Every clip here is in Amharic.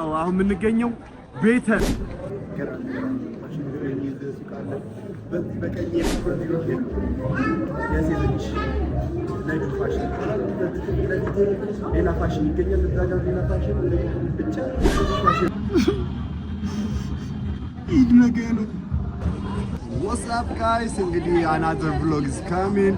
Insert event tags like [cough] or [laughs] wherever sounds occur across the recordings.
አሁን የምንገኘው ቤተ ኢድ ነገ ነው። ዋትስአፕ ጋይስ እንግዲህ አናዘር ቭሎግስ ካሚን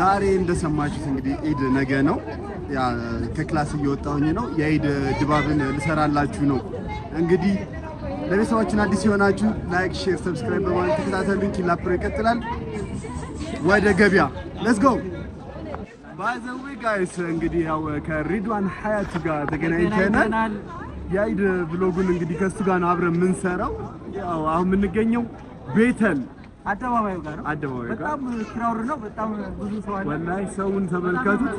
ዛሬ እንደሰማችሁት እንግዲህ ኢድ ነገ ነው። ከክላስ እየወጣሁኝ ነው። የኢድ ድባብን ልሰራላችሁ ነው። እንግዲህ ለቤተሰባችን አዲስ የሆናችሁ ላይክ፣ ሼር፣ ሰብስክራይብ በማለት ተከታተሉኝ። ኪላፕሮ ይቀጥላል። ወደ ገበያ ሌትስ ጎ ባይዘዌ ጋይስ። እንግዲህ ያው ከሪድዋን ሀያቱ ጋር ተገናኝተናል። የኢድ ብሎጉን እንግዲህ ከሱ ጋር ነው አብረን የምንሰራው። ያው አሁን የምንገኘው ቤተል አደባባዩ ጋር ነው። አደባባዩ ጋር በጣም ክራውድ ነው። በጣም ብዙ ሰው አለ። ወላሂ ሰውን ተመልከቱት።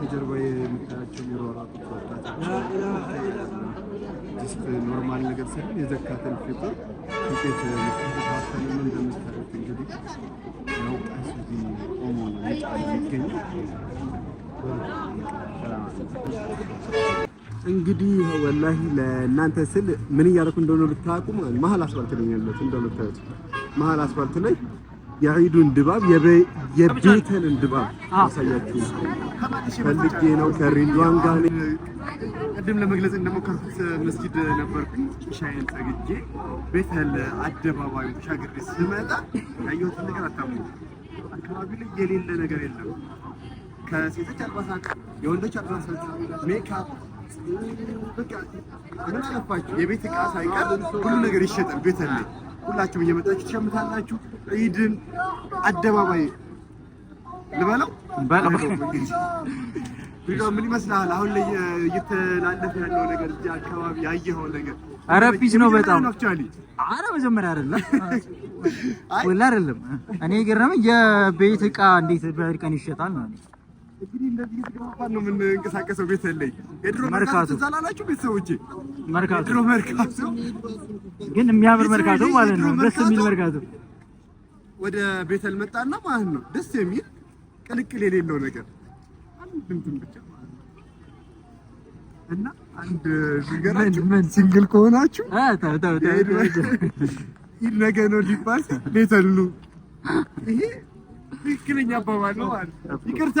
ከጀርባ ኖርማል ነገር ሳይሆን ውጤት እንደምታዩት እንግዲህ ያው ቀሱዚ ቆሞ ነው የሚገኘው። እንግዲህ ወላሂ ለእናንተ ስል ምን እያደረኩ እንደሆነ መሀል አስፋልት ላይ ያለሁት እንደምታዩት መሀል አስፋልት ላይ የዒዱን ድባብ የቤተንን ድባብ ያሳያችሁ ፈልጌ ነው። ከሪንዋን ጋር ቅድም ለመግለጽ እንደሞከርኩት መስጊድ ነበርኩኝ። ሻይን ጸግጄ ቤተል አደባባዩ ተሻግሬ ስመጣ ያየሁትን ነገር አታሙ አካባቢ ላይ የሌለ ነገር የለም። ከሴቶች አልባሳት፣ የወንዶች አልባሳት፣ ሜካፕ በቃ ምን አለፋችሁ የቤት ዕቃ ሳይቀር ሁሉ ነገር ይሸጣል ቤተል ሁላችሁም እየመጣችሁ ትሸምታላችሁ። ዒድን አደባባይ ልበለው ቪዲዮ ምን ይመስላል? አሁን ላይ እየተላለፈ ያለው ነገር እዚህ አካባቢ ያየኸው ነገር ኧረ ፒስ ነው በጣም አክቹአሊ። ኧረ መጀመሪያ አይደለም ወላ አይደለም። እኔ የገረመኝ የቤት ዕቃ እንዴት በእርቀን ይሸጣል ነው እንግዲህ የምንንቀሳቀሰው። ቤት ያለኝ የድሮ መርካቶ ዘላላችሁ ወደ ቤተል መጣና ማለት ነው። ደስ የሚል ቅልቅል የሌለው ነገር አንድም እና አንድ ዝገራችሁ ሲንግል ከሆናችሁ ታው ነገር ነው ሊባል ቤተሉ ይሄ ትክክለኛ አባባል ነው። ይቅርታ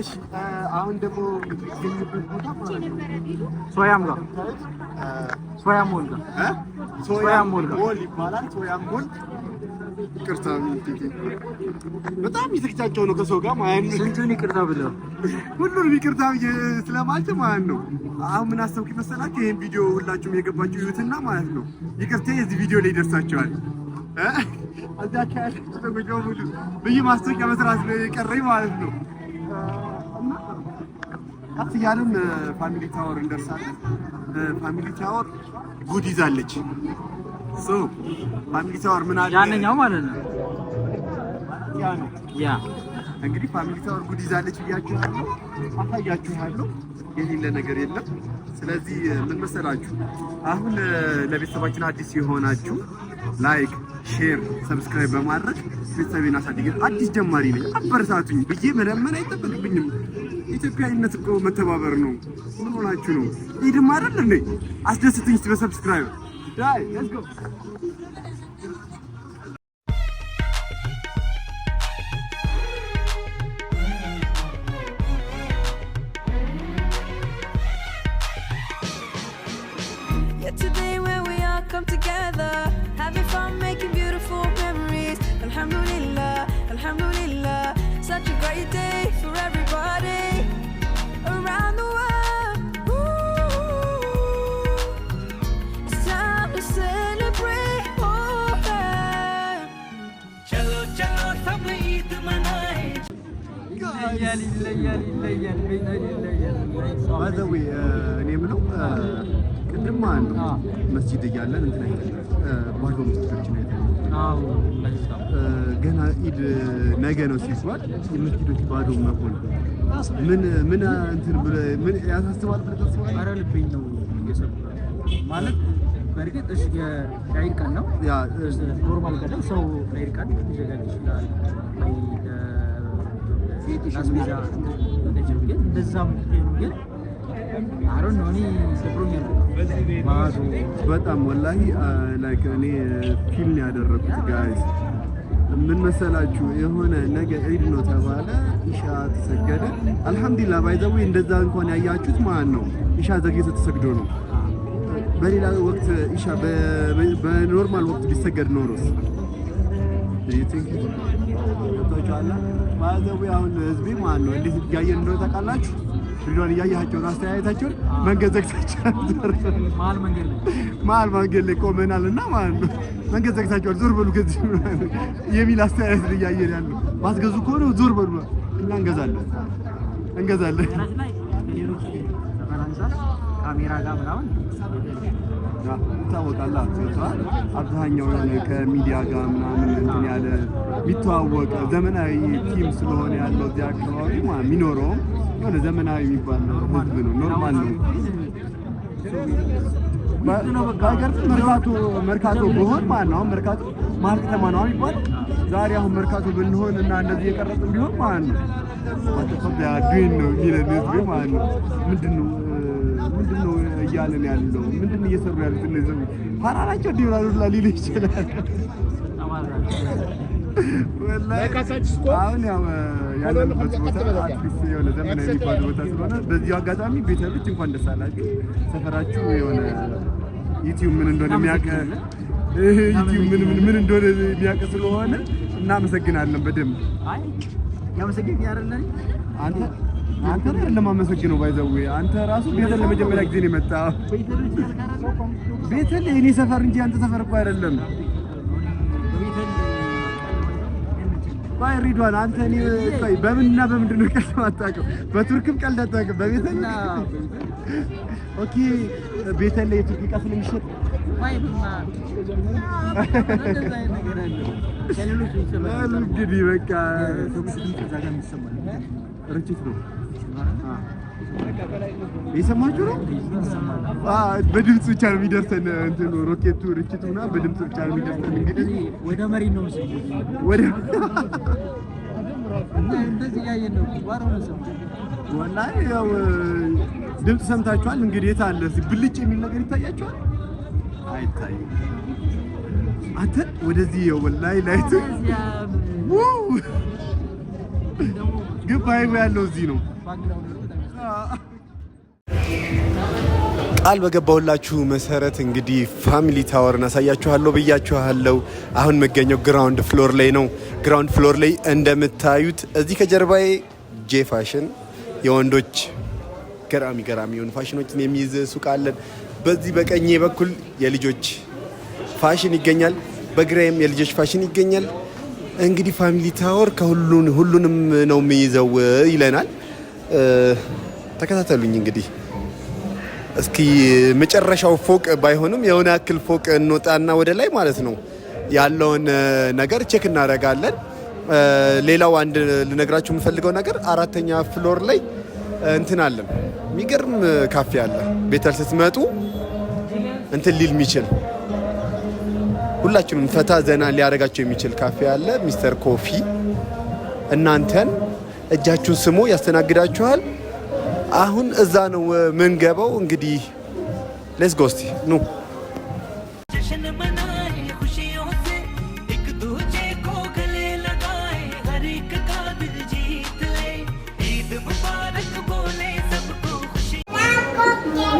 እሺ አሁን ደግሞ ሶያም ጋር ሶያም ሞል ጋር ሶያም ሞል ጋር ይባላል። ሶያም ሞል ይቅርታ፣ በጣም የተከቻቸው ነው ከሰው ጋር ማለት ነው። ስንቱን ይቅርታ ብለው ሁሉንም ይቅርታ ስለማልችል ማለት ነው። አሁን ምን አሰብክ መሰላችሁ? ይሄን ቪዲዮ ሁላችሁም የገባችሁ ይዩትና ማለት ነው ይቅርታ የዚህ ቪዲዮ ላይ ይደርሳችኋል። እዛ ካለ ብዬ ማስታወቂያ መስራት ነው የቀረኝ ማለት ነው። ከፍ እያለን ፋሚሊ ታወር እንደርሳለን። ፋሚሊ ታወር ጉድ ይዛለች። ፋሚሊ ታወር ምን አለ ያነኛው ማለት ነው። ያ እንግዲህ ፋሚሊ ታወር ጉድ ይዛለች ብያችኋለሁ፣ አሳያችኋለሁ። የሌለ ነገር የለም። ስለዚህ ምን መሰላችሁ አሁን ለቤተሰባችን አዲስ የሆናችሁ ላይክ ሼር፣ ሰብስክራይብ በማድረግ ቤተሰቤን አሳድገን አዲስ ጀማሪ ነኝ አበረታቱኝ ብዬ መለመን አይጠበቅብኝም። ኢትዮጵያዊነት እኮ መተባበር ነው። ምን ሆናችሁ ነው? ይህ ድማ አይደል እንዴ? አስደስትኝ በሰብስክራይብ ዳይ ይለያል ይለያል ይለያል እኔ የምለው ቅድም ማለት ነው መስጂድ እያለን እንትን አይተናል፣ ባዶ መስጊዶችን አይተናል። ገና ኢድ ነገ ነው ሲባል የመስጊዶች ባዶ መሆን ምን ምን እንትን ምን ያሳስባል ብለህ ታስባለህ? ኧረ ልቤን ነው የሰበረው ማለት በእርግጥ እሺ የዒድ ቀን ነው ኖርማል ቀደም ሰው ለዒድ ቀን ይዘጋጅ ይችላል በጣም ወላሂ ላይክ እኔ ፊልም ያደረኩት ጋይዝ ምን መሰላችሁ የሆነ ነገ ዒድ ነው ተባለ፣ ኢሻ ተሰገደ። አልሐምዱሊላህ ባይዘው እንደዛ እንኳን ያያችሁት ማለት ነው ኢሻ ዘግይቶ ተሰግዶ ነው። በሌላ ወቅት ኢሻ በኖርማል ወቅት ቢሰገድ ኖሮስ ቶችዋና ማዘቡ አሁን ህዝቢ ማለት ነው። እንዴት እያየን እንደሆነ ታውቃላችሁ። ድሮን እያያቸውን አስተያየታቸውን መንገድ ዘግታችኋል። መሀል መንገድ ላይ ቆመናል እና ማለት ነው መንገድ ዘግታችኋል ዞር በሉ ከዚህ የሚል አስተያየት እያየን ያለው ማስገዙ ከሆነ ዞር በሉ እና እንገዛለን እንገዛለን ካሜራ ጋር ምናምን ይታወቃል። አርቲስቷ አብዛኛው የሆነ ከሚዲያ ጋር ምናምን እንትን ያለ የሚተዋወቅ ዘመናዊ ቲም ስለሆነ ያለው እዚያ አካባቢ የሚኖረውም የሆነ ዘመናዊ የሚባል ህዝብ ነው። ኖርማል ነው። መርካቶ መርካቶ ቢሆን ማለት ነው። አሁን መርካቶ ማል ከተማ ነው ዛሬ አሁን መርካቶ ብንሆን እና እንደዚህ የቀረጽን ቢሆን ማለት ነው ዱን ነው የሚለን ህዝብ ማለት ነው። ምንድን ነው ምንድን ነው እያለን ያለው ምንድን እየሰሩ ያሉት እነዚህ ፋራ ናቸው ዲብራዶላ ሊል ይችላል። አሁን ያው ያለንበት ቦታ አዲስ የሆነ ዘመናዊ የሚባል ቦታ ስለሆነ በዚሁ አጋጣሚ ቤተልጅ እንኳን ደስ አላችሁ ሰፈራችሁ የሆነ ዩቲዩብ ምን እንደሆነ የሚያውቅ ይሄ ዩቲዩብ ምን ምን ምን እንደሆነ የሚያውቅ ስለሆነ እናመሰግናለን። በደምብ አይ ያመሰግን ያረለን አንተ አንተ ነው ለማመሰግነው ባይዘው አንተ ራሱ ቤተል ለመጀመሪያ ጊዜ ነው የመጣ ቤተል እኔ ሰፈር እንጂ አንተ ሰፈር እኮ አይደለም። ቆይ ሪድዋን አንተ እኔ ቆይ በምንና በምንድን ነው ቀልድ ማታውቀው? በቱርክም ቀልድ አታውቅም። በቤተል ኦኬ፣ ቤተል ላይ የቱርክ ዕቃ ስለሚሸጥ እንግዲህ በቃ ርችት ነው የሰማችሁ ነው። በድምፅ ብቻ ነው የሚደርሰን እንትኑ ሮኬቱ ርችቱ እና በድምፅ ብቻ ነው የሚደርሰን። እንግዲህ ወደ መሬት ነው ወደ [laughs] ወላሂ ያው ድምፅ ሰምታችኋል። እንግዲህ የት አለ ብልጭ የሚል ነገር ይታያችኋል? አይታይም። አንተ ወደዚህ ያው ወላሂ ላይት ግባይ ያለው እዚህ ነው። ቃል በገባሁላችሁ መሰረት እንግዲህ ፋሚሊ ታወርን አሳያችኋለሁ ብያችኋለሁ። አሁን የምገኘው ግራውንድ ፍሎር ላይ ነው። ግራውንድ ፍሎር ላይ እንደምታዩት እዚህ ከጀርባዬ ጄ ፋሽን የወንዶች ገራሚ ገራሚ የሆኑ ፋሽኖችን የሚይዝ ሱቅ አለን። በዚህ በቀኜ በኩል የልጆች ፋሽን ይገኛል። በግራዬም የልጆች ፋሽን ይገኛል። እንግዲህ ፋሚሊ ታወር ሁሉንም ነው የሚይዘው ይለናል። ተከታተሉኝ እንግዲህ እስኪ መጨረሻው ፎቅ ባይሆንም የሆነ ያክል ፎቅ እንወጣና ወደ ላይ ማለት ነው ያለውን ነገር ቼክ እናደርጋለን። ሌላው አንድ ልነግራችሁ የምፈልገው ነገር አራተኛ ፍሎር ላይ እንትን አለን፣ የሚገርም ካፌ አለ። ቤተል ስትመጡ እንትን ሊል የሚችል ሁላችሁንም ፈታ ዘና ሊያደርጋቸው የሚችል ካፌ አለ። ሚስተር ኮፊ እናንተን እጃችሁን ስሞ ያስተናግዳችኋል። አሁን እዛ ነው የምንገባው። እንግዲህ ሌስ ጎስቲ ኑ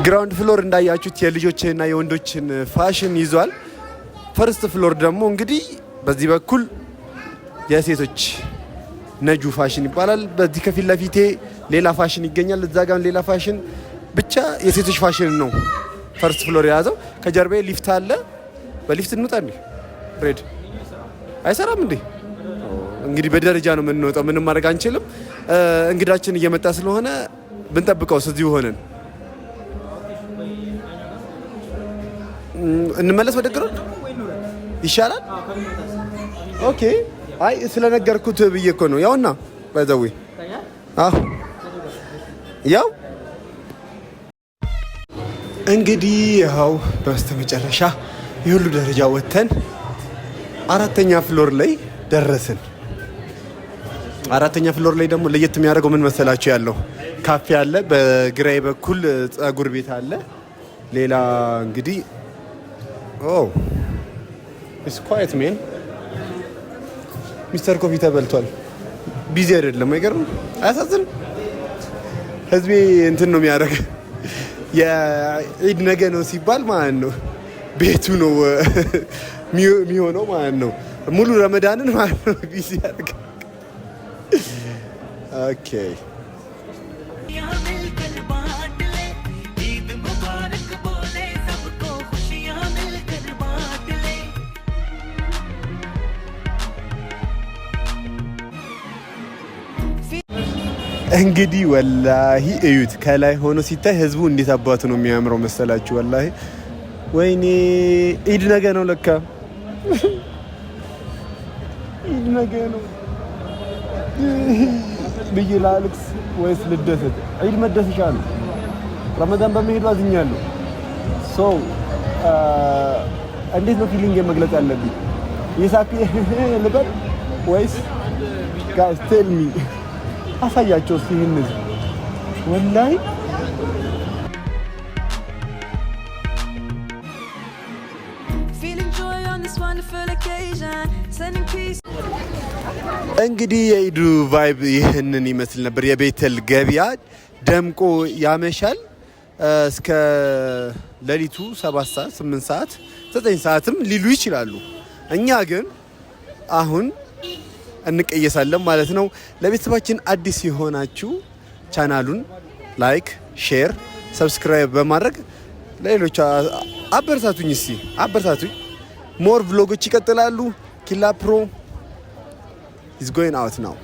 ግራውንድ ፍሎር እንዳያችሁት የልጆችንና የወንዶችን ፋሽን ይዟል። ፈርስት ፍሎር ደግሞ እንግዲህ በዚህ በኩል የሴቶች ነጁ ፋሽን ይባላል። በዚህ ከፊት ለፊቴ ሌላ ፋሽን ይገኛል፣ እዛ ጋም ሌላ ፋሽን። ብቻ የሴቶች ፋሽን ነው ፈርስት ፍሎር የያዘው። ከጀርባ ሊፍት አለ። በሊፍት እንውጣ እንዴ? ሬድ አይሰራም እንዴ? እንግዲህ በደረጃ ነው የምንወጣው። ምንም ማድረግ አንችልም። እንግዳችን እየመጣ ስለሆነ ብንጠብቀውስ እዚሁ ሆነን እንመለስ ወደ ግሮድ ይሻላል። ኦኬ። አይ ስለነገርኩት ብዬ እኮ ነው ያውና ባይዘዌ አዎ ያው እንግዲህ ያው በስተመጨረሻ የሁሉ ደረጃ ወጥተን አራተኛ ፍሎር ላይ ደረስን። አራተኛ ፍሎር ላይ ደግሞ ለየት የሚያደርገው ምን መሰላችሁ? ያለው ካፌ አለ፣ በግራይ በኩል ጸጉር ቤት አለ። ሌላ እንግዲህ ኦ ኳየት ሜን ሚስተር ኮፊ ተበልቷል። ቢዚ አይደለም አይገርም? አያሳዝንም? ህዝቤ እንትን ነው የሚያደርግ የዒድ ነገ ነው ሲባል ማለት ነው ቤቱ ነው የሚሆነው ማለት ነው። ሙሉ ረመዳንን ማለት ነው ቢዚ ያደርግ ኦኬ እንግዲህ ወላሂ እዩት፣ ከላይ ሆኖ ሲታይ ህዝቡ እንዴት አባቱ ነው የሚያምረው መሰላችሁ? ወላሂ ወይኔ፣ ኢድ ነገ ነው ለካ፣ ኢድ ነገ ነው ብዬ ላልክስ ወይስ ልደሰት? ኢድ መደሰሻ ነው። ረመዳን በመሄዱ አዝኛለሁ። እንዴት ነው ፊሊንግ መግለጽ ያለብኝ? የሳፒ ልበል ወይስ ጋይስ ቴል ሚ አሳያቸው እስቲ ይህን ህዝብ ወላሂ እንግዲህ የኢዱ ቫይብ ይህንን ይመስል ነበር። የቤተል ገበያ ደምቆ ያመሻል። እስከ ሌሊቱ 7 ሰዓት፣ 8 ሰዓት፣ 9 ሰዓትም ሊሉ ይችላሉ። እኛ ግን አሁን እንቀየሳለን ማለት ነው። ለቤተሰባችን አዲስ የሆናችሁ ቻናሉን ላይክ፣ ሼር፣ ሰብስክራይብ በማድረግ ለሌሎች አበረታቱኝ። እስቲ አበረታቱኝ። ሞር ብሎጎች ይቀጥላሉ። ኪላ ፕሮ ኢዝ ጎይን አውት ነው።